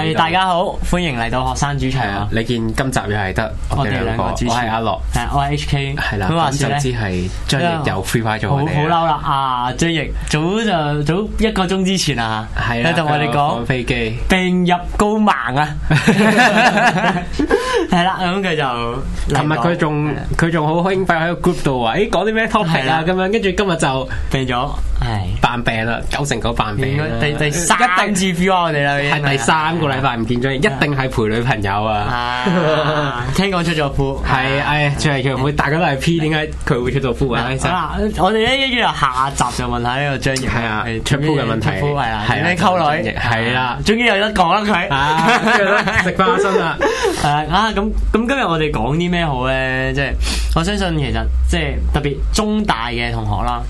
係大家好，歡迎嚟到學生主場。啊，你見今集又係得我哋兩個，主持阿樂，我係 HK，係啦。佢話甚至係張毅又飛快咗嚟，好嬲啦！啊，張毅早就早一個鐘之前啊，嚟同我哋講，病入膏肓啊，係啦。咁佢就琴日佢仲佢仲好興奮喺個 group 度話，誒，講啲咩 topic 啊，咁樣，跟住今日就病咗。係扮病啦，九成九扮病。第第三次 feel 我哋啦，係第三個禮拜唔見咗，一定係陪女朋友啊！聽講出咗鋪，係，哎，仲係佢會，大家都係 P，點解佢會出到鋪啊？我哋一一度下集就問下呢個張爺，係啊，出鋪嘅問題，係啦，溝女，係啦，終於有得講啦佢，食花生啦！啊，咁咁今日我哋講啲咩好咧？即係我相信其實即係特別中大嘅同學啦。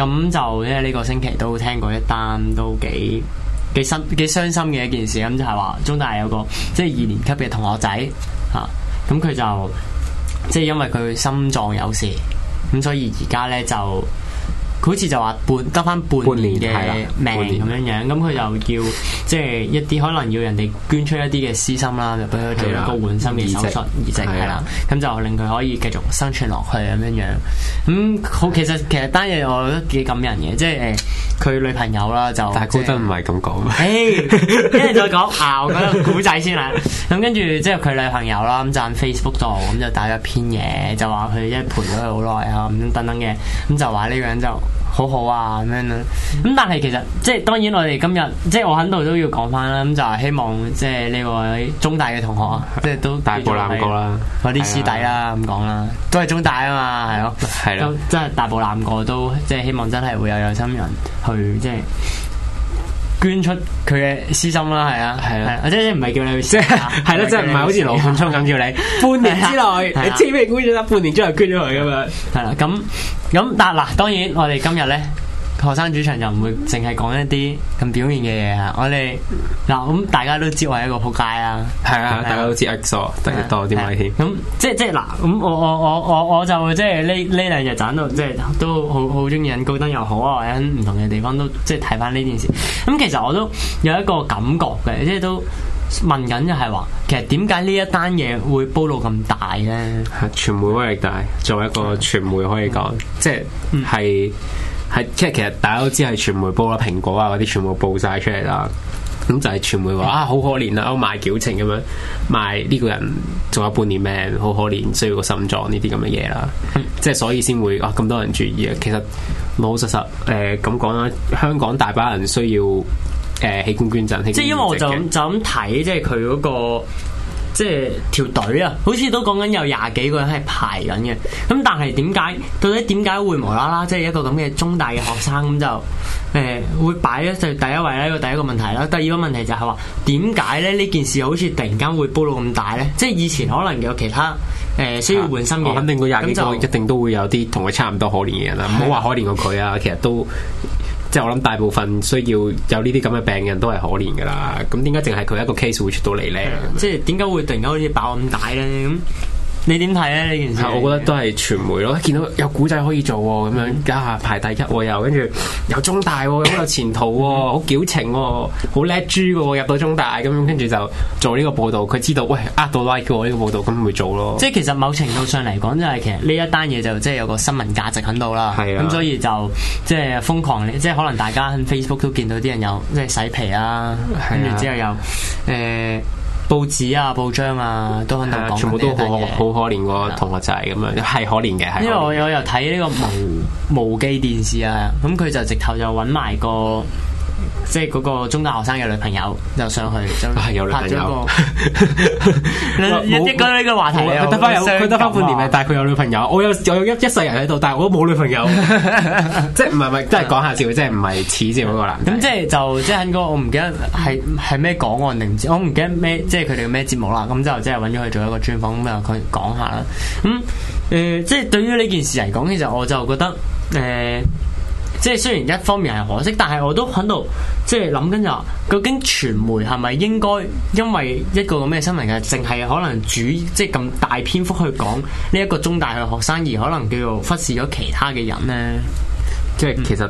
咁就因為呢個星期都聽過一單都幾幾深幾傷心嘅一件事，咁就係、是、話中大有個即係二年級嘅同學仔吓，咁、啊、佢就即係因為佢心臟有事，咁所以而家呢就。好似就話半得翻半年嘅命咁樣樣，咁佢就叫，即、就、係、是、一啲可能要人哋捐出一啲嘅私心啦，就畀佢做一個換心嘅手術移植係啦，咁就令佢可以繼續生存落去咁樣樣。咁、嗯、好，其實其實單嘢我覺得幾感人嘅，即係佢、欸、女朋友啦就，但高登唔係咁講，跟住、欸、 再講下嗰個古仔先啦。咁跟住即係佢女朋友啦，咁就喺 Facebook 度咁就打咗篇嘢，就話佢一陪咗佢好耐啊，咁等等嘅，咁就話呢個人就。 好好啊咁樣啦，咁但係其實即係當然我哋今日即係我喺度都要講翻啦，咁就係希望即係呢位中大嘅同學，即係都大步攬過啦，嗰啲師弟啦咁講啦，都係的中大啊嘛，係咯，係咯的，即係大步攬過都即係希望真係會有有心人去即係。捐出佢嘅私心啦，係啊，係對 啊，即係唔係叫你去，即係、 啊，係咯， 即係唔係好似羅漢聰咁叫你，半年之內，啊啊、你千祈唔好捐咗啦，半年之後捐咗佢咁樣，係啦、啊，咁咁但嗱，當然我哋今日咧。學生主場就唔會淨係講一啲咁表面嘅嘢啊！我哋嗱咁大家都知，我係一個撲街啦，係啊，大家都知 X 座特別多啲危險。咁米、嗯、即係即係嗱咁，我我我我我就即係呢呢兩日揀到即係都好好中意引高登又好啊，引唔同嘅地方都即係睇翻呢件事。咁、嗯、其實我都有一個感覺嘅，即係都問緊就係話，其實點解呢一單嘢會煲到咁大咧？係傳媒威力大，作為一個傳媒可以講，嗯、即係係。嗯係即係，其實大家都知係傳媒報啦，蘋果啊嗰啲全部報晒出嚟啦。咁就係傳媒話、嗯、啊，好可憐啦，我賣矯情咁樣賣呢個人仲有半年命，好可憐，需要個心臟呢啲咁嘅嘢啦。嗯、即係所以先會啊，咁多人注意啊。其實老老實實誒咁講啦，香港大把人需要誒器官捐贈器官。即係因為我就就咁睇，即係佢嗰個。即係條隊啊，好似都講緊有廿幾個人係排緊嘅，咁但係點解？到底點解會無啦啦即係一個咁嘅中大嘅學生咁就誒、欸、會擺喺、就係、第一位呢個第一個問題啦，第二個問題就係話點解咧？呢件事好似突然間會煲到咁大呢？即係以前可能有其他誒、呃、需要換心嘅，肯定嗰廿幾個就一定都會有啲同佢差唔多可憐嘅人啦，唔好話可憐過佢啊，其實都。 即係我諗大部分需要有呢啲咁嘅病人都係可憐㗎啦，咁點解淨係佢一個 case 會出到嚟呢？嗯、即係點解會突然間好似爆咁大呢？咁。你點睇咧呢件事？我覺得都係傳媒咯，見到有古仔可以做咁樣，家下排第一又，跟住有中大咁有前途，好矯情，好叻豬喎，入到中大咁，跟住就做呢個報道。佢知道喂，呃到 like 我呢個報道，咁咪做咯。即係其實某程度上嚟講，就係其實呢一單嘢就即係有個新聞價值喺度啦。係咁所以就即係瘋狂，即係可能大家喺 Facebook 都見到啲人有即係洗皮啦，跟住之後又誒。報紙啊、報章啊，都肯定、啊、全部都好可好可憐個同學仔咁樣，係、啊、可憐嘅。係因為我我又睇呢個無 無記電視啊，咁佢就直頭就揾埋個。即係嗰個中大學生有女朋友，又上去就女朋友拍咗個一億，講呢個話題啊！佢得翻有佢得翻半年命，但係佢有女朋友。我有有一世人喺度，但係我都冇女朋友。即係唔係唔係， 即係講下笑，即係唔係似住嗰個男。咁 即係就即係喺個我唔記得係係咩講案，定唔知，我唔記得咩，即係佢哋嘅咩節目啦。咁之後即係揾咗佢做一個專訪，咁就佢講下啦。咁、嗯、誒、呃，即係對於呢件事嚟講，其實我就覺得誒。呃即係雖然一方面係可惜，但係我都喺度即係諗緊就究竟傳媒係咪應該因為一個咁咩新聞嘅，淨係可能主即係咁大篇幅去講呢一個中大嘅學生，而可能叫做忽視咗其他嘅人呢？即係其實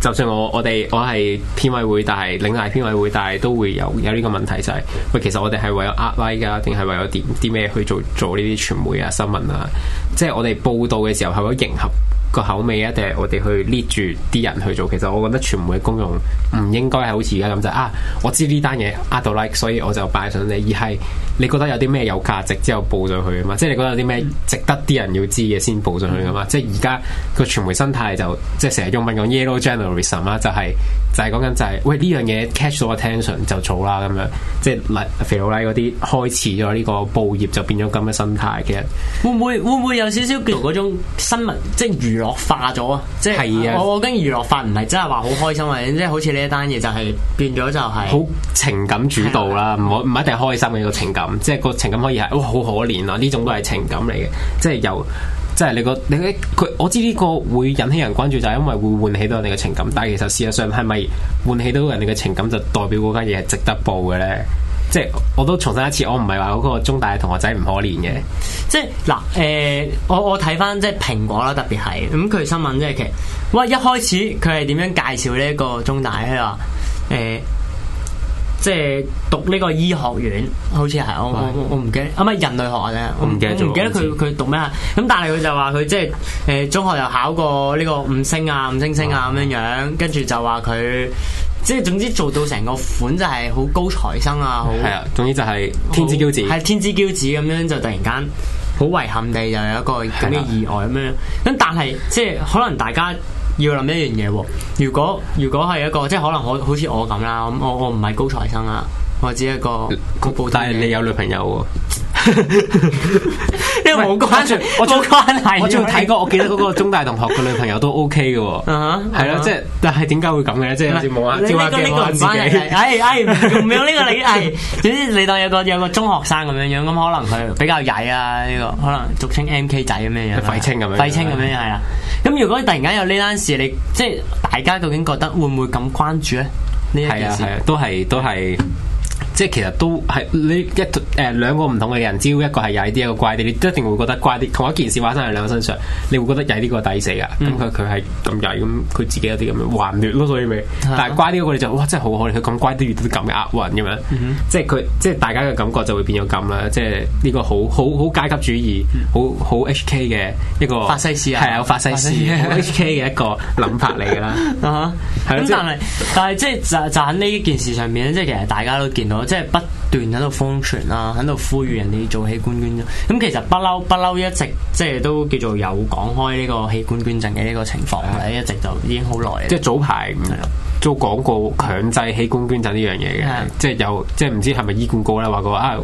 就算我我哋我係編委會，但係領大編委會，但係都會有有呢個問題就係，喂，其實我哋係為咗壓拉噶，定係為咗點啲咩去做做呢啲傳媒啊新聞啊？即係我哋報道嘅時候係為咗迎合？個口味一定係我哋去捏住啲人去做。其實我覺得傳媒嘅功用唔應該係好似而家咁就啊，我知呢單嘢呃到 like，所以我就擺上嚟，而係。你覺得有啲咩有價值之後報上去啊嘛？即係你覺得有啲咩值得啲人要知嘅先報上去啊嘛？嗯、即係而家個傳媒生態就即係成日用緊 yellow journalism 啦、就係，就係、係、就係講緊就係喂呢樣嘢 catch 到 attention 就做啦咁樣，即係肥佬黎嗰啲開始咗呢個報業就變咗咁嘅生態。其實會唔會會唔會有少少叫嗰種新聞即係娛樂化咗啊？即係我我驚娛樂化唔係真係話好開心啊，即、就、係、係、好似呢一單嘢就係變咗就係、係、好情感主導啦，唔好唔一定開心嘅一個情感。即係個情感可以係，哇，好可憐啊！呢種都係情感嚟嘅，即係由，即係你個你佢，我知呢個會引起人關注，就係、是、因為會喚起到人哋嘅情感。但係其實事實上係咪喚起到人哋嘅情感就代表嗰間嘢係值得報嘅呢？即係我都重申一次，我唔係話嗰個中大嘅同學仔唔可憐嘅。即係嗱，誒、呃，我我睇翻即係蘋果啦，特別係咁佢新聞即係其實，哇，一開始佢係點樣介紹呢一個中大咧話誒？即係讀呢個醫學院，好似係、哦、我我唔記得啊！係咪人類學啊？我唔記得，我唔記得佢佢讀咩啊？咁但係佢就話佢即係誒、呃、中學又考過呢個五星啊、五星星啊咁樣、哦、樣，跟住就話佢即係總之做到成個款就係好高材生啊！係啊，總之就係天之驕子，係天之驕子咁樣就突然間好遺憾地又有一個咁嘅意外咁樣的。咁但係即係可能大家。要諗一樣嘢喎，如果如果係一個即係可能我好似我咁啦，咁我我唔係高材生啊，我只係一個局部，但係你有女朋友喎，啊。呢個冇關注，我冇關係。我仲睇過，我記得嗰個中大同學嘅女朋友都 OK 嘅，係咯，即係，但係點解會咁嘅？即係好似冇啊，冇呢個關係。哎哎，唔有呢個理，哎，總之你當有個有個中學生咁樣樣，咁可能佢比較曳啊，呢個可能俗稱 MK 仔咁樣樣。廢青咁樣，廢青咁樣係啦。咁如果突然間有呢單事，你即係大家究竟覺得會唔會咁關注咧？呢一件事，係啊，都係都係。即係其實都係你一誒兩個唔同嘅人，只要一個係曳啲，一個乖啲，你一定會覺得乖啲。同一件事發生喺兩個身上，你會覺得曳呢嗰個抵死㗎。咁佢，佢係咁曳，咁佢自己有啲咁嘅頑劣咯，所以咪。但係乖啲嗰個你就哇，真係好可憐，佢咁乖啲遇到啲咁嘅厄運咁樣。即係佢，即係大家嘅感覺就會變咗咁啦。即係呢個好好好階級主義，好好 H K 嘅一個法西斯啊，係啊，法西斯 H K 嘅一個諗法嚟㗎啦。咁但係但係，即係就，就喺呢件事上面即係其實大家都見到。即係不。段喺度瘋傳啊，喺度呼籲人哋做器官捐贈咁，其實不嬲不嬲一直即係都叫做有講開呢個器官捐贈嘅呢個情況嘅，的一直就已經好耐。即係早排做廣告強制器官捐贈呢樣嘢嘅，即係有即係唔知係咪醫管局咧話過啊，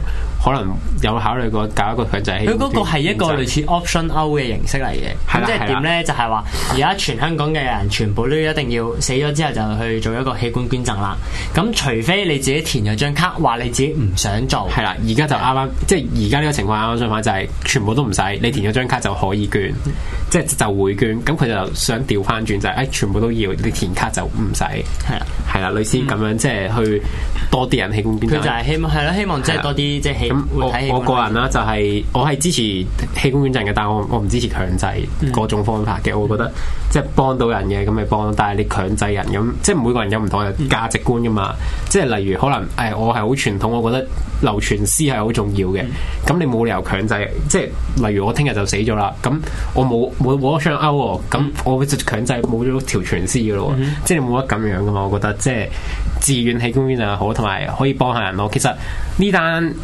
可能有考慮過搞一個強制。佢嗰個係一個類似 option out 嘅形式嚟嘅，的嗯、即係點咧？就係話而家全香港嘅人全部都一定要死咗之後就去做一個器官捐贈啦。咁除非你自己填咗張卡，話你自己。唔想做，係啦，而家就啱啱，的即係而家呢個情況啱啱相反就係、是，全部都唔使，你填咗張卡就可以捐，即係的就會捐，咁佢就想調返轉就係、是，哎，全部都要，你填卡就唔使，係啊的，係啦，類似咁樣，即係、嗯、去。多啲人器官捐，就係希望係咯，希望的即係多啲即係喜，我我個人啦就係、是、我係支持器官捐贈嘅，但係我我唔支持強制嗰種方法嘅。嗯、我覺得即係幫到人嘅咁咪幫，但係你強制人咁，即係每個人有唔同嘅價值觀噶嘛。即係例如可能誒、哎，我係好傳統，我覺得留傳詩係好重要嘅。咁、嗯、你冇理由強制，即係例如我聽日就死咗啦，咁我冇冇冇得上勾咁，我會強制冇咗條傳詩噶咯，即係你冇得咁樣噶嘛。我覺得即係。自願喺公園就好，同埋可以幫下人咯。其實呢單。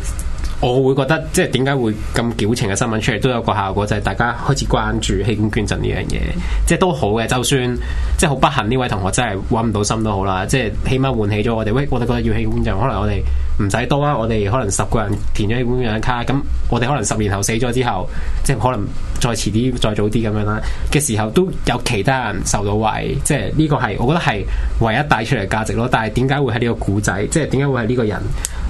我會覺得，即係點解會咁矯情嘅新聞出嚟，都有個效果就係大家開始關注器官捐贈呢樣嘢，即係都好嘅。就算即係好不幸，呢位同學真係揾唔到心都好啦，即係起碼喚起咗我哋。喂，我哋覺得要器官捐贈，可能我哋唔使多啊，我哋可能十個人填咗器官捐贈卡，咁我哋可能十年後死咗之後，即係可能再遲啲、再早啲咁樣啦嘅時候，都有其他人受到惠。即係呢個係，我覺得係唯一帶出嚟價值咯。但係點解會係呢個古仔？即係點解會係呢個人？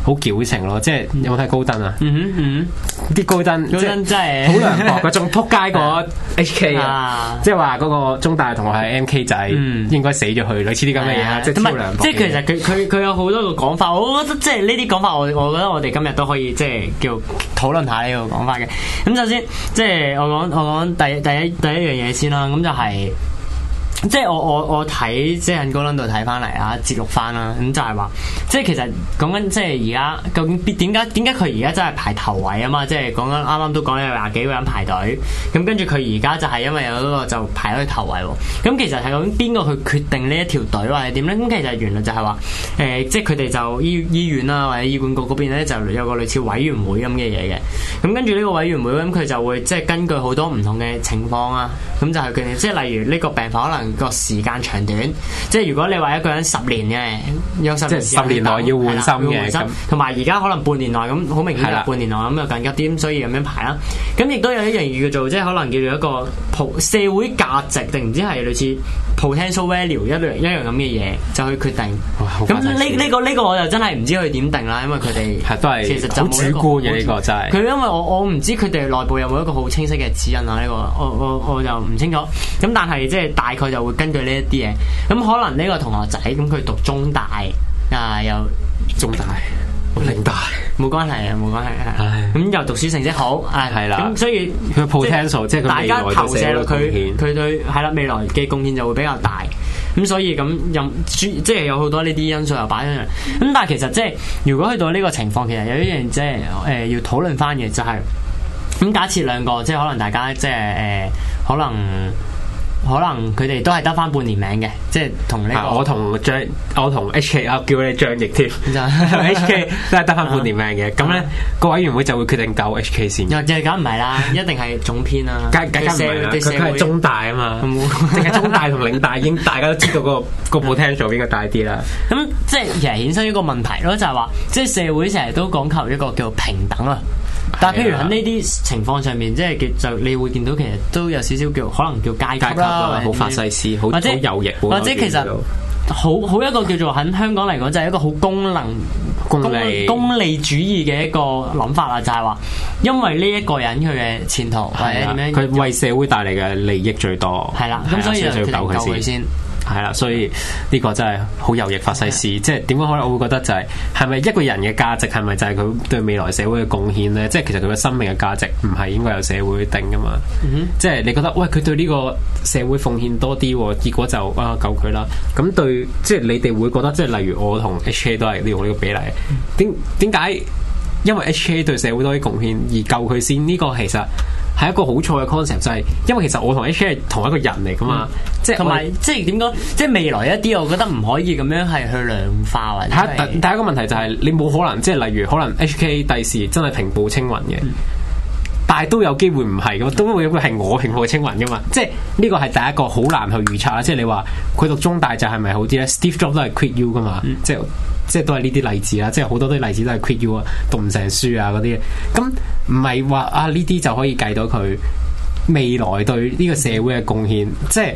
好矯情咯，即係有冇睇高登啊？嗯哼嗯哼，啲 高登高登真係好涼薄，仲扑街過 HK 啊！即係話嗰個中大同學係 MK 仔，嗯、應該死咗佢，類似啲咁嘅嘢啊！哎、呀即係扑兩即係其實佢佢佢有好多個講法，我覺得即係呢啲講法，我我覺得我哋今日都可以即係叫討論下呢個講法嘅。咁首先即係我講我講第第一第一樣嘢先啦，咁就係。即係我我我睇即係喺嗰輪度睇翻嚟啊，節錄翻啦，咁就係話，即係其實講緊即係而家究竟點解點解佢而家真係排頭位啊嘛？即係講緊啱啱都講有廿幾個人排隊，咁跟住佢而家就係因為有嗰個就排咗去頭位喎。咁其實係講邊個去決定呢一條隊或者點咧？咁其實原來就係話，誒、呃，即係佢哋就醫醫院啦、啊，或者醫管局嗰邊咧就有個類似委員會咁嘅嘢嘅。咁跟住呢個委員會咁佢就會即係根據好多唔同嘅情況啊，咁就係佢哋即係例如呢個病房。可能。個時間長短，即係如果你話一個人十年嘅，有十十年內要換心嘅，同埋而家可能半年內咁，好明顯係半年內咁就緊急啲，所以咁樣排啦。咁亦都有一樣嘢叫做，即係可能叫做一個社會價值定唔知係類似 potential value 一兩一樣咁嘅嘢，就去決定。咁呢呢個呢個，我就真係唔知佢點定啦，因為佢哋都係其實好主觀嘅呢個就係。佢因為我我唔知佢哋內部有冇一個好清晰嘅指引啊呢個，我我我就唔清楚。咁但係即係大概就會根據呢一啲嘢，咁、 嗯、可能呢個同學仔咁佢讀中大啊，又中大、嶺大，冇 關係啊，冇關係啊。咁、嗯、又讀書成績好，係、啊、啦。咁吧、啊嗯、所以佢 potential 即係大家投射佢佢對係啦未來嘅貢獻就會比較大。咁所以咁又即係有好多呢啲因素又擺喺度。咁但係其實即係如果去到呢個情況，其實有一樣即係誒要討論翻嘅，就係咁假設兩個，即係可能大家即係誒可能。可能佢哋都係得翻半年命嘅，即係同呢個。我同張，我同 HK 叫你張亦添，HK 都係得翻半年命嘅。咁咧個委員會就會決定救 HK 先。又梗唔係啦，一定係總編啊。梗梗梗唔係啦，佢係 中大啊嘛，定係 中大同嶺大已經大家都知道、那個個報廳做邊個大啲啦。咁即係其實衍生一個問題咯，就係、係、話即係社會成日都講求一個叫平等啊。但係，譬如喺呢啲情況上面，即係叫就，你會見到其實都有少少叫，可能叫階級啦，好法西斯，或者右翼，或者其實好好一個叫做喺香港嚟講，就係一個好功能功功利主義嘅一個諗法啦，就係話，因為呢一個人佢嘅前途或者咩，佢為社會帶嚟嘅利益最多，係啦，咁所以就救佢先。係啦，嗯、所以呢個真係好有益發細事，明白 即係點樣？可能我會覺得就係，係咪一個人嘅價值係咪就係佢對未來社會嘅貢獻呢？即係其實佢嘅生命嘅價值唔係應該由社會定㗎嘛？嗯、哼即係你覺得喂，佢對呢個社會奉獻多啲，結果就啊救佢啦。咁對，即係你哋會覺得，即係例如我同 HK 都係、嗯、用呢個比例，點點解？為因為 HK 對社會多啲貢獻而救佢先，呢、呢個其實。係一個好錯嘅 concept，就係、是、因為其實我同 HK 係同一個人嚟噶嘛，嗯、即係同埋即係點講，即係未來一啲，我覺得唔可以咁樣係去量化或者。吓，第一個問題就係、是、你冇可能，即係例如可能 HK 第時真係平步青雲嘅，嗯、但係都有機會唔係，咁都會有個係我平步青雲噶嘛，嗯、即係呢個係第一個好難去預測啦。即係你話佢讀中大就係咪好啲咧？Steve Jobs 都係 quit you 噶嘛，嗯、即係。即係都係呢啲例子啦，即係好多啲例子都係 quit you 讀唔成書啊嗰啲，咁唔係話啊呢啲就可以計到佢未來對呢個社會嘅貢獻，即係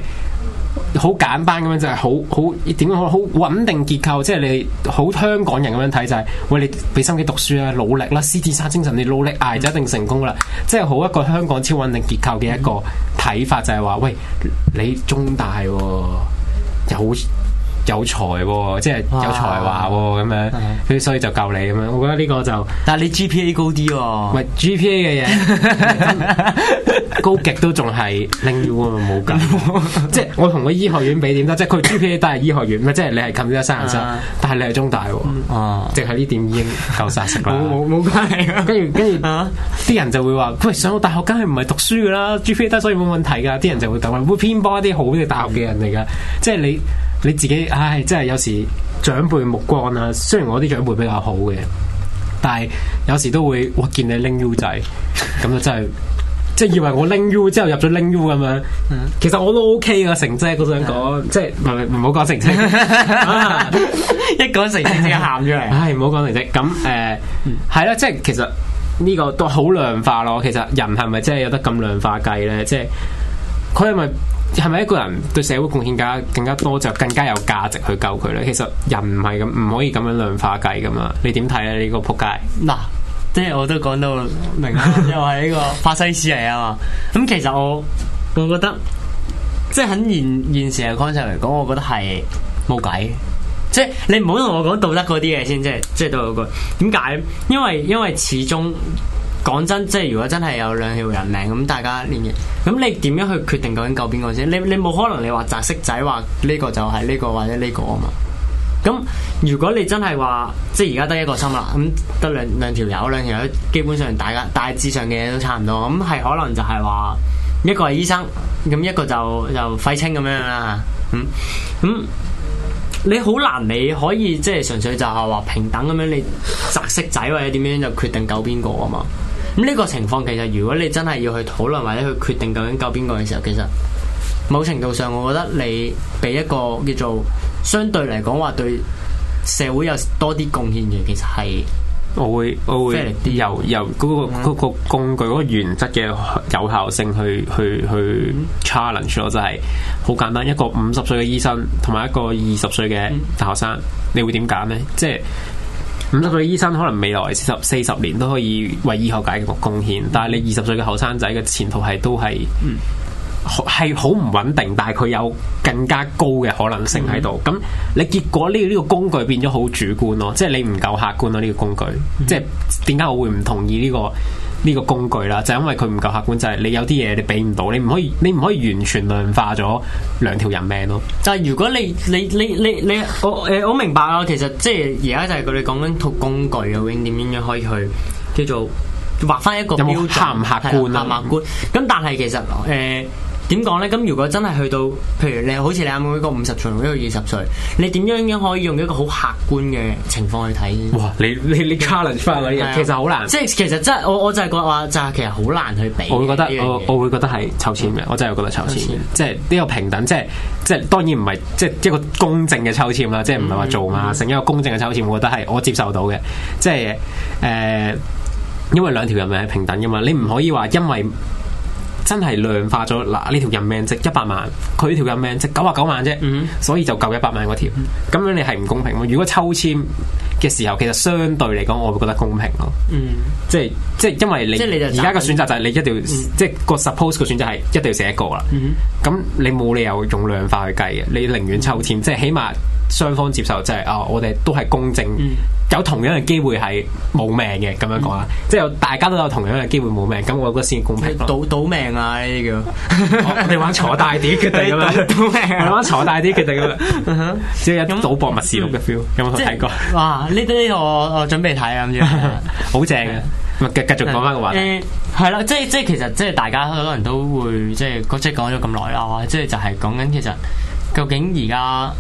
好簡單咁樣就係好好點講好穩定結構，即係你好香港人咁樣睇就係喂，你俾心機讀書啊，努力啦，獅子山精神你努力捱就一定成功啦，即係好一個香港超穩定結構嘅一個睇法就係話喂，你中大有。有才喎，即係有才華喎，咁樣佢所以就救你咁樣。我覺得呢個就，但係你 GPA 高啲喎，唔係 GPA 嘅嘢高極都仲係拎唔到，冇計。即係我同個醫學院比點得，即係佢 GPA 都係醫學院，唔即係你係近啲得三啊七，但係你係中大喎，哦，即係呢點已經夠晒食啦。冇冇冇關係，跟住跟住啲人就會話，喂，上到大學梗係唔係讀書㗎啦？GPA 低所以冇問題㗎。啲人就會咁話，會偏幫一啲好嘅大學嘅人嚟㗎，即係你。你自己，唉，真係有時長輩目光啊。雖然我啲長輩比較好嘅，但係有時都會我見你拎 U 仔，咁就真係即係以為我拎 U 之後入咗拎 U 咁樣。其實我都 OK 啊，成績都想講， 即係唔好講成績。 一講成績就喊出嚟。 唉，唔好講成績。咁誒，係、呃、啦、嗯，即係其實呢個都好量化咯。其實人係咪真係有得咁量化計咧？即係佢係咪？係咪一個人對社會貢獻加更加多就更加有價值去救佢咧？其實人唔係咁，唔可以咁樣量化計噶嘛？你點睇咧？呢個撲街嗱，即係我都講到明又係呢個法西斯嚟啊嘛。咁 其實我我覺得，即係喺現現時嘅 concept 嚟講，我覺得係冇計。即係你唔好同我講道德嗰啲嘢先，即係即係道德觀。點解？因為因為始終。講真，即係如果真係有兩條人命咁，大家呢嘢咁，你點樣去決定究竟救邊個先？你你冇可能你話擲色仔，話呢個就係呢個，或者呢個啊嘛。咁如果你真係話，即係而家得一個心啦，咁得兩兩條友，兩條友基本上大家大致上嘅嘢都差唔多，咁係可能就係話一個係醫生，咁一個就就廢青咁樣啦。嗯，咁你好難，你難可以即係純粹就係話平等咁樣，你擲色仔或者點樣就決定救邊個啊嘛？咁呢個情況其實，如果你真係要去討論或者去決定究竟救邊個嘅時候，其實某程度上，我覺得你俾一個叫做相對嚟講話對社會有多啲貢獻嘅，其實係我會我會即係由由嗰、嗯嗰個、嗰個工具嗰、嗰個原則嘅有效性去去去 challenge 咯、嗯，就係好簡單，一個五十歲嘅醫生同埋一個二十歲嘅大學生，嗯、你會點揀呢？即、就、係、係。五十歲醫生可能未來四十四十年，都可以為醫學界做貢獻，但係你二十歲嘅後生仔嘅前途係都係，係好唔穩定，但係佢有更加高嘅可能性喺度。咁、嗯、你結果呢、呢個，呢、呢個工具變咗好主觀咯，即係你唔夠客觀咯呢、呢個工具。嗯、即係點解我會唔同意呢、呢個？呢個工具啦，就是、因為佢唔夠客觀，就係、是、你有啲嘢你俾唔到，你唔可以，你唔可以完全量化咗兩條人命咯。就係如果你你你你你，我誒、呃、我明白啊，其實即係而家就係佢哋講緊套工具啊，會點點樣可以去叫做劃返一個要啲客唔客觀啊？客唔客觀？咁但係其實誒。呃點講咧？咁如果真係去到，譬如你好似你阿妹嗰五十歲，一個二十歲，你點樣樣可以用一個好客觀嘅情況去睇？哇！你你你 challenge 翻嗰啲，其實好難。即係其實真係我我就係講話，就係其實好難去比我我。我會覺得我我會覺得係抽籤嘅，我真係覺得抽籤嘅。即係呢個平等，即係即係當然唔係即係一個公正嘅抽籤啦。即係唔係話做嘛？成一、嗯、個公正嘅抽籤，我覺得係我接受到嘅。即係誒，因為兩條人命係平等嘅嘛，你唔可以話因為。真係量化咗嗱，呢條人命值一百萬，佢條人命值九十九萬啫，mm hmm. 所以就夠一百萬嗰條，咁、mm hmm. 樣你係唔公平。如果抽簽嘅時候，其實相對嚟講，我會覺得公平咯、mm hmm.。即係即係因為你而家嘅選擇就係你一定要，mm hmm. 即係個 suppose 嘅選擇係一定要寫一個啦。咁、mm hmm. 你冇理由用量化去計嘅，你寧願抽簽，mm hmm. 即係起碼雙方接受、就係，就係啊，我哋都係公正。Mm hmm. 有同樣嘅機會係冇命嘅咁樣講啦，即係大家都有同樣嘅機會冇命，咁我覺得先公平。賭賭命啊，呢啲叫，你、哦嗯、玩坐大啲決定啦，賭命、嗯。玩坐大啲決定啦，即係有啲賭博默示錄嘅 feel。有冇睇過？哇！呢啲呢個我，Gothic, 我準備睇啊，好正嘅。咪繼繼續講翻個話題，係啦，即係即係其實即係大家可能都會即係即係講咗咁耐啦，即係就係講緊其實究竟而家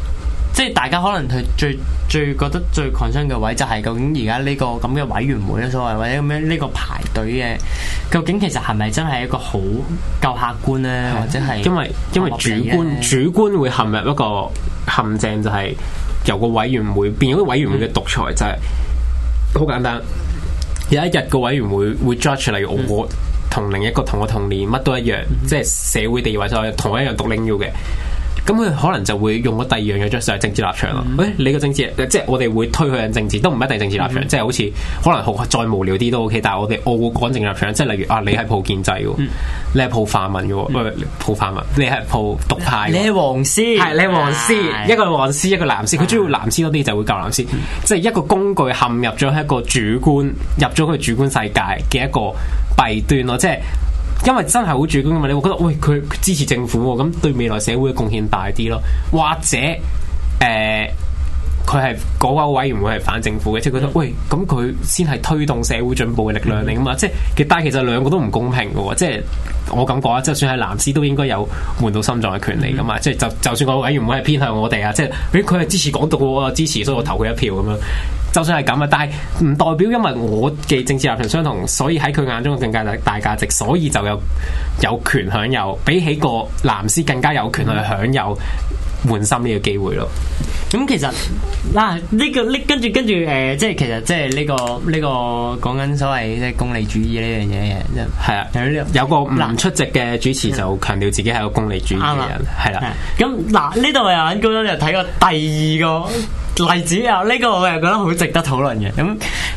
即係大家可能佢最。最覺得最 concern 嘅位就係究竟而家呢個咁嘅委員會嘅所謂，或者咁樣呢個排隊嘅，究竟其實係咪真係一個好夠客觀咧？或者係因為因為主觀，主觀會陷入一個陷阱，就係由個委員會變咗委員會嘅獨裁，就係，就係好簡單。有一日個委員會會 judge 例如我同另一個同我同年乜都一樣，即係、嗯、社會地位就係同一樣，讀領要嘅。嗯咁佢可能就會用咗第二樣嘢，就係政治立場咯。誒，你個政治，即係我哋會推佢嘅政治，都唔一定政治立場，嗯欸、即係好似可能好再無聊啲都 OK。但係我哋我會講政治立場，嗯、即係例如啊，你係抱建制嘅，你係抱泛民嘅，唔係抱泛民，你係抱獨派，你係黃絲，係你黃絲，一個黃絲，一個藍絲，佢中意藍絲多啲就會救藍絲，嗯、即係一個工具陷入咗一個主觀，入咗佢主觀世界嘅一個弊端咯，即係。因為真係好主觀㗎嘛，你會覺得喂，佢支持政府，咁對未來社會嘅貢獻大啲咯。或者誒，佢係嗰個委員會係反政府嘅，即係覺得喂，咁佢先係推動社會進步嘅力量嚟噶嘛？即係但係其實兩個都唔公平嘅，即係我咁講啊，即係就算係藍絲都應該有換到心臟嘅權利噶嘛？即係就就算個委員會係偏向我哋啊，即係佢係支持港獨啊，支持所以我投佢一票咁樣。就算係咁啊，但係唔代表因為我嘅政治立場相同，所以喺佢眼中更加大價值，所以就有有權享有，比起個男士更加有權去享有。嗯換心呢個機會咯，咁、嗯、其實嗱呢、啊這個，呢跟住跟住誒，即、呃、係其實即係呢個呢、這個講緊所謂即係功利主義呢樣嘢嘅，係啊。這個，有呢個有個唔出席嘅主持就強調自己係個功利主義嘅人，係啦了，咁嗱呢度又揾咗、那個、又睇個第二個例子啊。呢、這個我又覺得好值得討論嘅，咁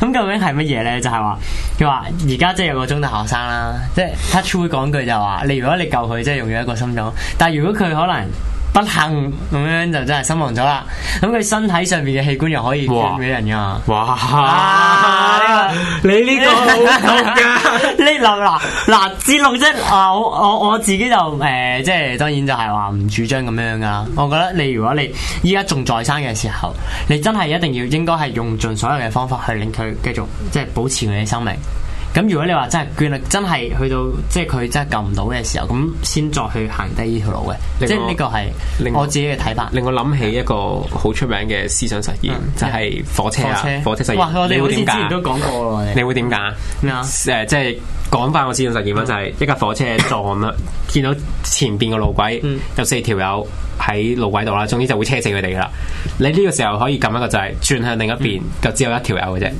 咁究竟係乜嘢咧？就係話佢話而家即係有個中大學生啦，即、就、係、是、Touch 講句就話，你如果你救佢，即、就、係、是、用咗一個心臟，但係如果佢可能。不幸咁樣就真係身亡咗啦。咁佢身體上面嘅器官又可以捐俾人噶。哇！你呢個 你嗱嗱嗱，志龍即係我我自己就誒，即、呃、係當然就係話唔主張咁樣噶。我覺得你如果你依家仲在生嘅時候，你真係一定要應該係用盡所有嘅方法去令佢繼續即係保持佢嘅生命。咁如果你話真係捐力真係去到即係佢真係救唔到嘅時候，咁先再去行低呢條路嘅，即係呢個係我自己嘅睇法。令我諗起一個好出名嘅思想實驗，就係火車火車實驗。你會點解？之前都講過你會點解？咩啊？誒，即係講返個思想實驗咧，就係一架火車撞啦，見到前邊個路軌有四條友喺路軌度啦，總之就會車死佢哋噶啦。你呢個時候可以撳一個掣，轉向另一邊，就只有一條友嘅啫。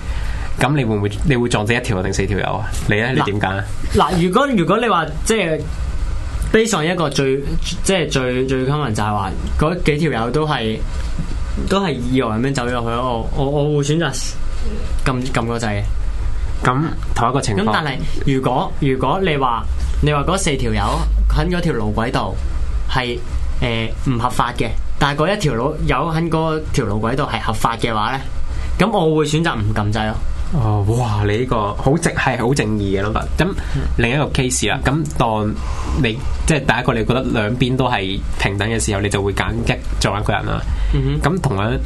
咁你會唔會，你會撞死一條定四條友啊？你咧，你點揀啊？嗱，如果如果你話即係 basic 一個最即係最最 common 就係話，嗰幾條友都係都係意外咁樣走咗去咯，我我我會選擇撳撳個掣嘅。咁同一個情況，咁但係如果如果你話你話嗰四條友喺嗰條路軌度係誒唔合法嘅，但係嗰一條友喺嗰條路軌度係合法嘅話咧，咁我會選擇唔撳掣咯。哦，哇！你呢、這個好直係好正義嘅諗法。咁、嗯、另一個 case 啦、嗯，咁當你即係、就是、第一個你覺得兩邊都係平等嘅時候，你就會揀咗一個人啦。咁、嗯嗯、同樣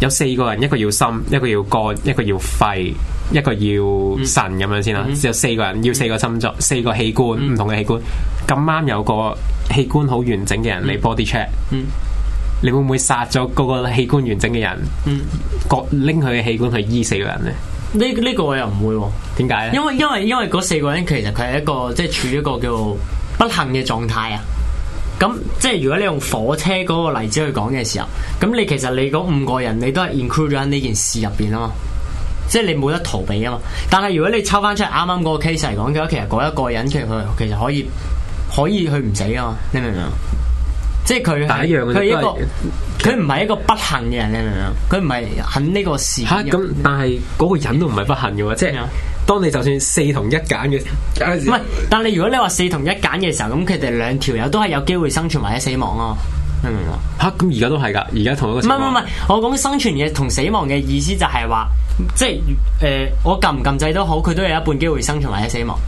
有四個人，一個要心，一個要肝，一個要肺，一個要腎咁樣先啦。嗯嗯、有四個人要四個心臟，嗯、四個器官唔、嗯、同嘅器官。咁啱有個器官好完整嘅人你 body check，、嗯、你會唔會殺咗嗰個器官完整嘅人，嗯，拎佢嘅器官去醫四個人呢？呢呢個我又唔會喎，點解啊？因為因為因為嗰四個人其實佢係一個即係、就是、處於一個叫做不幸嘅狀態啊。咁即係如果你用火車嗰個例子去講嘅時候，咁你其實你嗰五個人你都係 include 咗喺呢件事入邊啊嘛，即係你冇得逃避啊嘛。但係如果你抽翻出嚟啱啱嗰個 case 嚟講嘅話，其實嗰一個人其實佢其實可以可以去唔死啊嘛，你明唔明啊？即係佢係一樣嘅一個。佢唔係一個不幸嘅人，你明唔明？佢唔係肯呢個事。吓咁，但係嗰個人都唔係不幸嘅喎， 即係麼當你就算四同一揀嘅，唔係不，但係如果你話四同一揀嘅時候，咁佢哋兩條友都係有機會生存或者死亡咯，明唔明啊？吓咁而家都係噶，而家同一個唔係唔係，我講生存嘅同死亡嘅意思就係話，即係誒，我撳唔撳掣都好，佢都有一半機會生存或者死亡。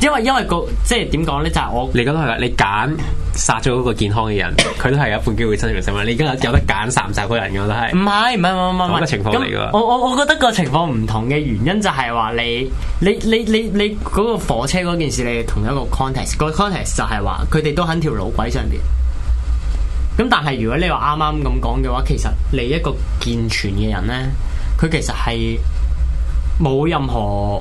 因為因為個即係點講咧，就係、是、我你覺得係啦，你揀殺咗嗰個健康嘅人，佢 都係一半機會生存死亡。你而家有得揀殺唔殺嗰個人嘅我都係。唔係唔係唔唔唔咁嘅情況我我我覺得，情我我覺得個情況唔同嘅原因就係話你你你你你嗰、那個火車嗰件事，你係同一個 context cont。個 context 就係話佢哋都喺條路軌上邊。咁但係如果你話啱啱咁講嘅話，其實你一個健全嘅人咧，佢其實係冇任何。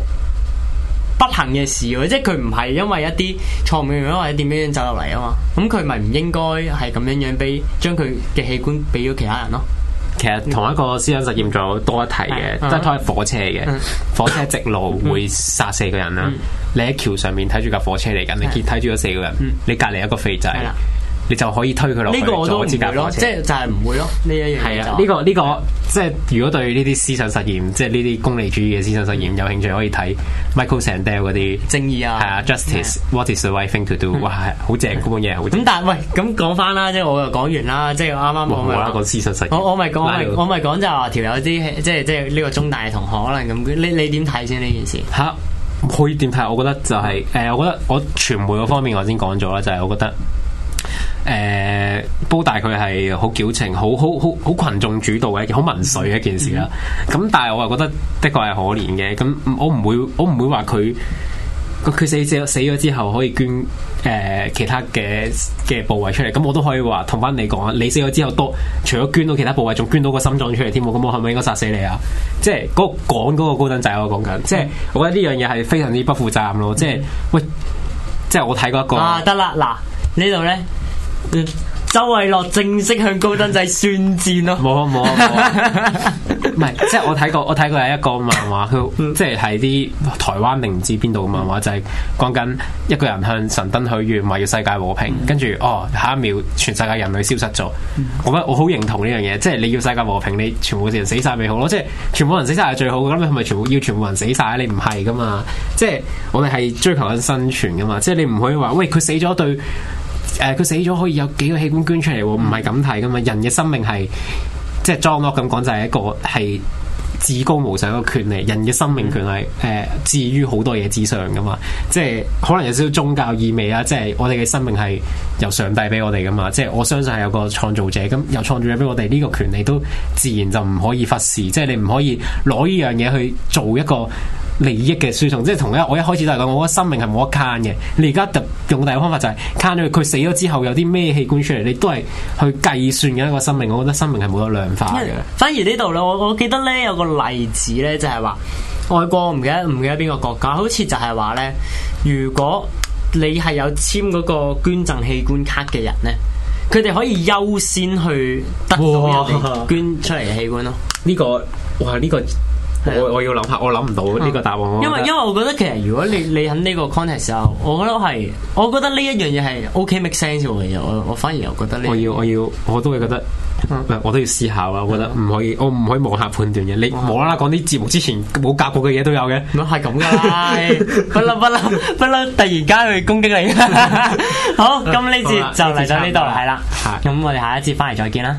不幸嘅事，即係佢唔係因為一啲錯誤嘅原因或者點樣樣走入嚟啊嘛，咁佢咪唔應該係咁樣樣俾將佢嘅器官俾咗其他人咯？其實同一個思想實驗仲有多一題嘅，即係拖喺火車嘅火車直路會殺四個人啦。你喺橋上面睇住架火車嚟緊，你見睇住咗四個人，你隔籬一,一個肥仔。 你就可以推佢落去。呢個我都唔會咯，即係就係唔會咯。呢一樣係啊，呢個呢個即係如果對呢啲思想實驗，即係呢啲功利主義嘅思想實驗有興趣，可以睇 Michael Sandel 嗰啲正義啊，係啊，Justice What is the right thing to do？哇，好正，嗰本嘢好。咁但係喂，咁講翻啦，即係我又講完啦，即係我啱啱我我講思想實驗，我我咪講，我咪講就係話條友啲即係即係呢個中大嘅同學可能咁，你你點睇先呢件事？嚇可以點睇？我覺得就係誒，我覺得我傳媒嗰方面我先講咗啦，就係我覺得。誒，煲大佢係好矯情，好好好好群眾主導嘅，好文水嘅一件事啦。咁但係我又覺得的確係可憐嘅。咁我唔會，我唔會話佢佢死死咗之後可以捐誒其他嘅嘅部位出嚟。咁我都可以話同翻你講啊，你死咗之後多除咗捐到其他部位，仲捐到個心臟出嚟添。咁我係咪應該殺死你啊？即係嗰講嗰個高登仔我講緊，即係我覺得呢樣嘢係非常之不負責任咯。即係喂，即係我睇過一個啊，得啦，嗱呢度咧。周衛樂正式向高登仔宣戰咯！冇啊冇啊，冇啊，唔係即係我睇過，我睇過有一個漫畫，佢即係係啲台灣定唔知邊度嘅漫畫，就係講緊一個人向神燈許願，話要世界和平，跟住哦下一秒全世界人類消失咗。我覺得 我好認同呢樣嘢，即係你要世界和平，你全部人死晒咪好咯？即係全部人死晒係最好，咁你係咪全部要全部人死晒你唔係噶嘛？即係我哋係追求緊生存噶嘛？即係你唔可以話喂佢死咗對。誒，佢、呃、死咗可以有幾個器官捐出嚟，唔係咁睇噶嘛？人嘅生命係即係莊諾咁講，就係、是、一個係至高無上嘅一個權利。人嘅生命權係誒置於好多嘢之上噶嘛？即係可能有少少宗教意味啊！即係我哋嘅生命係由上帝俾我哋噶嘛？即係我相信係有個創造者，咁有創造者俾我哋呢個權利，都自然就唔可以忽視。即係你唔可以攞呢樣嘢去做一個利益嘅輸送，即係同一我一開始就講，我覺得生命係冇得慳嘅。你而家就用大嘅方法就係慳咗佢死咗之後有啲咩器官出嚟，你都係去計算緊一個生命。我覺得生命係冇得量化嘅。反而呢度咧，我我記得咧有個例子咧，就係話外國唔記得唔記得邊個國家，好似就係話咧，如果你係有簽嗰個捐贈器官卡嘅人咧，佢哋可以優先去得到捐出嚟器官咯。呢個哇，呢個～我我要諗下，我諗唔到呢個答案。因為因為我覺得其實如果你你喺呢個 context 時候，我覺得係，我覺得呢一樣嘢係 OK make sense 嘅。我我反而又覺得呢我要我要我都會覺得，我都要思考啊。我覺得唔可以，我唔可以妄下判斷嘅。你無啦啦講啲節目之前冇夾過嘅嘢都有嘅。咁係咁噶，不嬲不嬲不嬲，突然間去攻擊你。好，咁呢節就嚟到呢度係啦。咁我哋下一節翻嚟再見啦。